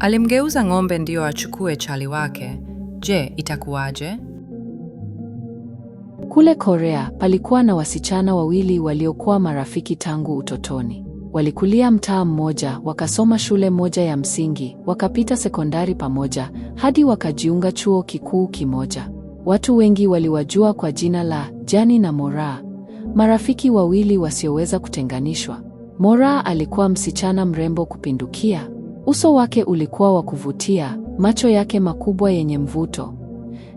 Alimgeuza ng'ombe ndiyo achukue chali wake. Je, itakuwaje? Kule Korea palikuwa na wasichana wawili waliokuwa marafiki tangu utotoni. Walikulia mtaa mmoja, wakasoma shule moja ya msingi, wakapita sekondari pamoja hadi wakajiunga chuo kikuu kimoja. Watu wengi waliwajua kwa jina la Jani na Moraa, marafiki wawili wasioweza kutenganishwa. mora alikuwa msichana mrembo kupindukia Uso wake ulikuwa wa kuvutia, macho yake makubwa yenye mvuto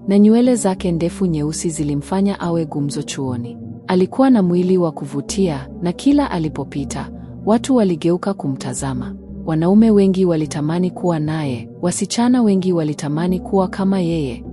na nywele zake ndefu nyeusi zilimfanya awe gumzo chuoni. Alikuwa na mwili wa kuvutia na kila alipopita watu waligeuka kumtazama. Wanaume wengi walitamani kuwa naye, wasichana wengi walitamani kuwa kama yeye,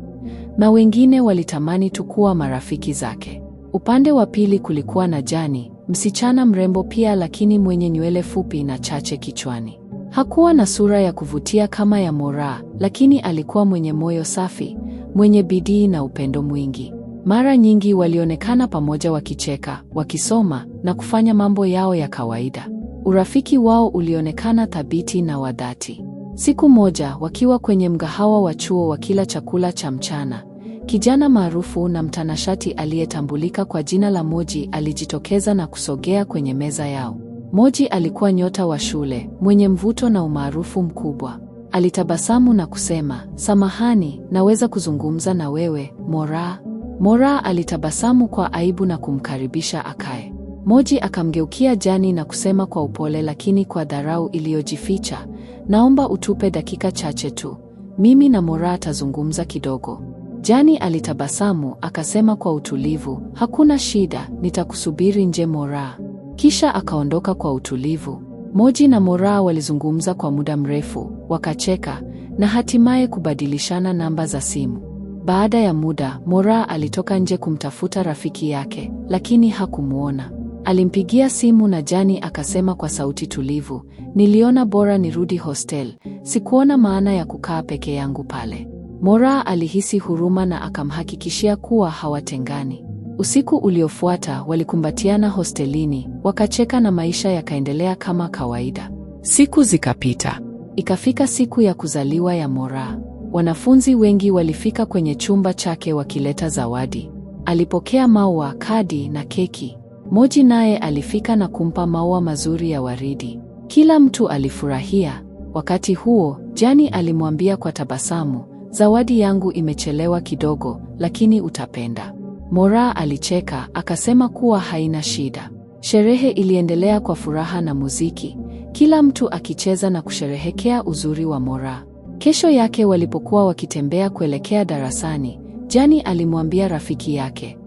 na wengine walitamani tu kuwa marafiki zake. Upande wa pili kulikuwa na Jani, msichana mrembo pia, lakini mwenye nywele fupi na chache kichwani. Hakuwa na sura ya kuvutia kama ya Moraa, lakini alikuwa mwenye moyo safi, mwenye bidii na upendo mwingi. Mara nyingi walionekana pamoja wakicheka, wakisoma na kufanya mambo yao ya kawaida. Urafiki wao ulionekana thabiti na wa dhati. Siku moja, wakiwa kwenye mgahawa wa chuo wakila chakula cha mchana, kijana maarufu na mtanashati aliyetambulika kwa jina la Moji alijitokeza na kusogea kwenye meza yao. Moji alikuwa nyota wa shule mwenye mvuto na umaarufu mkubwa. Alitabasamu na kusema, samahani, naweza kuzungumza na wewe Mora? Mora alitabasamu kwa aibu na kumkaribisha akae. Moji akamgeukia Jani na kusema kwa upole lakini kwa dharau iliyojificha, naomba utupe dakika chache tu, mimi na Mora tazungumza kidogo. Jani alitabasamu akasema kwa utulivu, hakuna shida, nitakusubiri nje Mora. Kisha akaondoka kwa utulivu. Moji na Moraa walizungumza kwa muda mrefu, wakacheka na hatimaye kubadilishana namba za simu. Baada ya muda, mora alitoka nje kumtafuta rafiki yake, lakini hakumwona. Alimpigia simu na Jani akasema kwa sauti tulivu, niliona bora nirudi hostel, sikuona maana ya kukaa peke yangu pale. mora alihisi huruma na akamhakikishia kuwa hawatengani. Usiku uliofuata walikumbatiana hostelini, wakacheka na maisha yakaendelea kama kawaida. Siku zikapita. Ikafika siku ya kuzaliwa ya mora Wanafunzi wengi walifika kwenye chumba chake wakileta zawadi. Alipokea maua, kadi na keki. Moji naye alifika na kumpa maua mazuri ya waridi. Kila mtu alifurahia. Wakati huo, Jani alimwambia kwa tabasamu, zawadi yangu imechelewa kidogo, lakini utapenda mora alicheka akasema kuwa haina shida. Sherehe iliendelea kwa furaha na muziki, kila mtu akicheza na kusherehekea uzuri wa mora Kesho yake walipokuwa wakitembea kuelekea darasani, Jani alimwambia rafiki yake,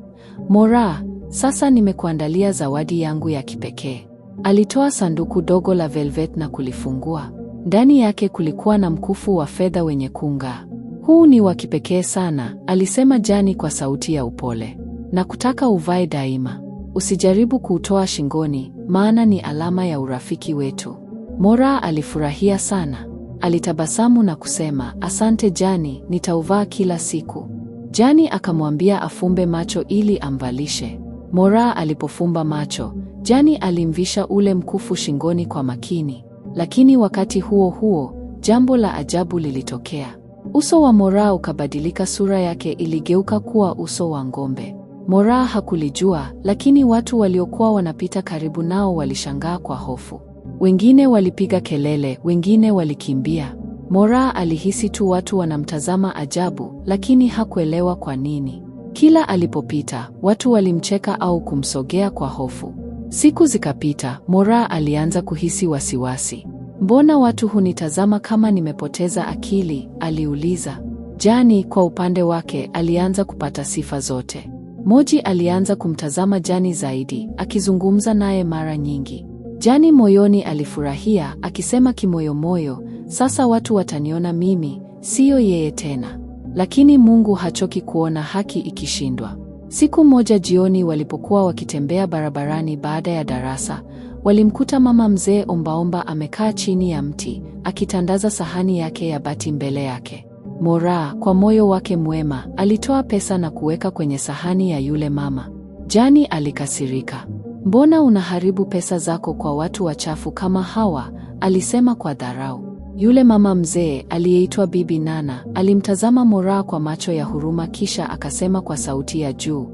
mora sasa nimekuandalia zawadi yangu ya kipekee. Alitoa sanduku dogo la velvet na kulifungua. Ndani yake kulikuwa na mkufu wa fedha wenye kung'aa. Huu ni wa kipekee sana, alisema Jani kwa sauti ya upole, na kutaka uvae daima. Usijaribu kuutoa shingoni, maana ni alama ya urafiki wetu. mora alifurahia sana, alitabasamu na kusema, asante Jani, nitauvaa kila siku. Jani akamwambia afumbe macho ili amvalishe. mora alipofumba macho, Jani alimvisha ule mkufu shingoni kwa makini, lakini wakati huo huo jambo la ajabu lilitokea. Uso wa Moraa ukabadilika, sura yake iligeuka kuwa uso wa ng'ombe. Moraa hakulijua, lakini watu waliokuwa wanapita karibu nao walishangaa kwa hofu. Wengine walipiga kelele, wengine walikimbia. Moraa alihisi tu watu wanamtazama ajabu, lakini hakuelewa kwa nini. Kila alipopita, watu walimcheka au kumsogea kwa hofu. Siku zikapita, Moraa alianza kuhisi wasiwasi. Mbona watu hunitazama kama nimepoteza akili? aliuliza. Jani kwa upande wake alianza kupata sifa zote. Moji alianza kumtazama Jani zaidi, akizungumza naye mara nyingi. Jani moyoni alifurahia akisema kimoyomoyo, sasa watu wataniona mimi, siyo yeye tena. Lakini Mungu hachoki kuona haki ikishindwa. Siku moja jioni, walipokuwa wakitembea barabarani baada ya darasa, walimkuta mama mzee ombaomba amekaa chini ya mti akitandaza sahani yake ya bati mbele yake. mora kwa moyo wake mwema, alitoa pesa na kuweka kwenye sahani ya yule mama. Jani alikasirika. Mbona unaharibu pesa zako kwa watu wachafu kama hawa? alisema kwa dharau. Yule mama mzee aliyeitwa Bibi Nana alimtazama Moraa kwa macho ya huruma kisha akasema kwa sauti ya juu,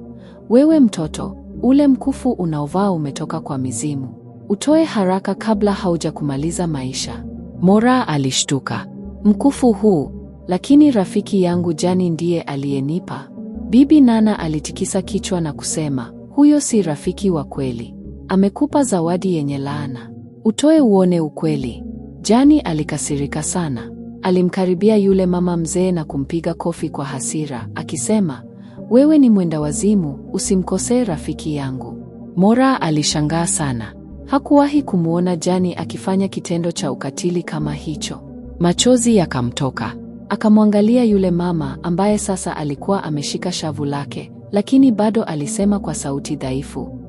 "Wewe mtoto, ule mkufu unaovaa umetoka kwa mizimu. Utoe haraka kabla haujakumaliza maisha." Moraa alishtuka. Mkufu huu, lakini rafiki yangu Jani ndiye aliyenipa. Bibi Nana alitikisa kichwa na kusema, "Huyo si rafiki wa kweli. Amekupa zawadi yenye laana. Utoe uone ukweli." Jani alikasirika sana. Alimkaribia yule mama mzee na kumpiga kofi kwa hasira, akisema, wewe ni mwenda wazimu, usimkosee rafiki yangu. Mora alishangaa sana. Hakuwahi kumwona Jani akifanya kitendo cha ukatili kama hicho. Machozi yakamtoka. Akamwangalia yule mama ambaye sasa alikuwa ameshika shavu lake, lakini bado alisema kwa sauti dhaifu,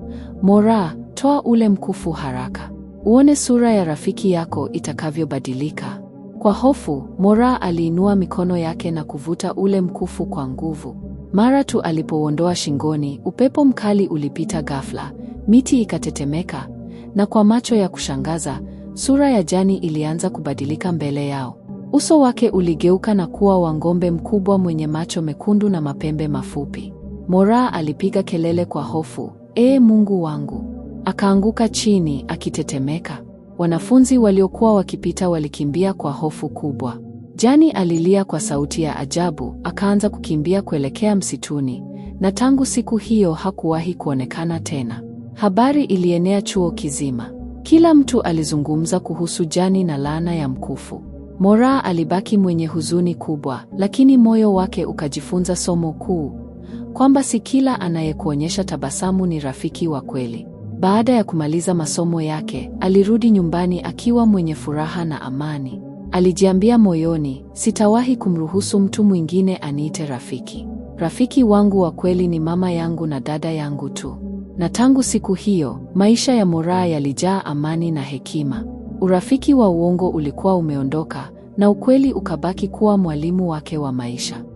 Mora, toa ule mkufu haraka uone sura ya rafiki yako itakavyobadilika. Kwa hofu, mora aliinua mikono yake na kuvuta ule mkufu kwa nguvu. Mara tu alipouondoa shingoni, upepo mkali ulipita ghafla, miti ikatetemeka, na kwa macho ya kushangaza, sura ya Jani ilianza kubadilika mbele yao. Uso wake uligeuka na kuwa wa ng'ombe mkubwa mwenye macho mekundu na mapembe mafupi. mora alipiga kelele kwa hofu, Ee Mungu wangu! Akaanguka chini akitetemeka. Wanafunzi waliokuwa wakipita walikimbia kwa hofu kubwa. Jani alilia kwa sauti ya ajabu, akaanza kukimbia kuelekea msituni, na tangu siku hiyo hakuwahi kuonekana tena. Habari ilienea chuo kizima. Kila mtu alizungumza kuhusu Jani na laana ya mkufu. mora alibaki mwenye huzuni kubwa, lakini moyo wake ukajifunza somo kuu, kwamba si kila anayekuonyesha tabasamu ni rafiki wa kweli. Baada ya kumaliza masomo yake, alirudi nyumbani akiwa mwenye furaha na amani. Alijiambia moyoni, sitawahi kumruhusu mtu mwingine aniite rafiki. Rafiki wangu wa kweli ni mama yangu na dada yangu tu. Na tangu siku hiyo, maisha ya Moraa yalijaa amani na hekima. Urafiki wa uongo ulikuwa umeondoka na ukweli ukabaki kuwa mwalimu wake wa maisha.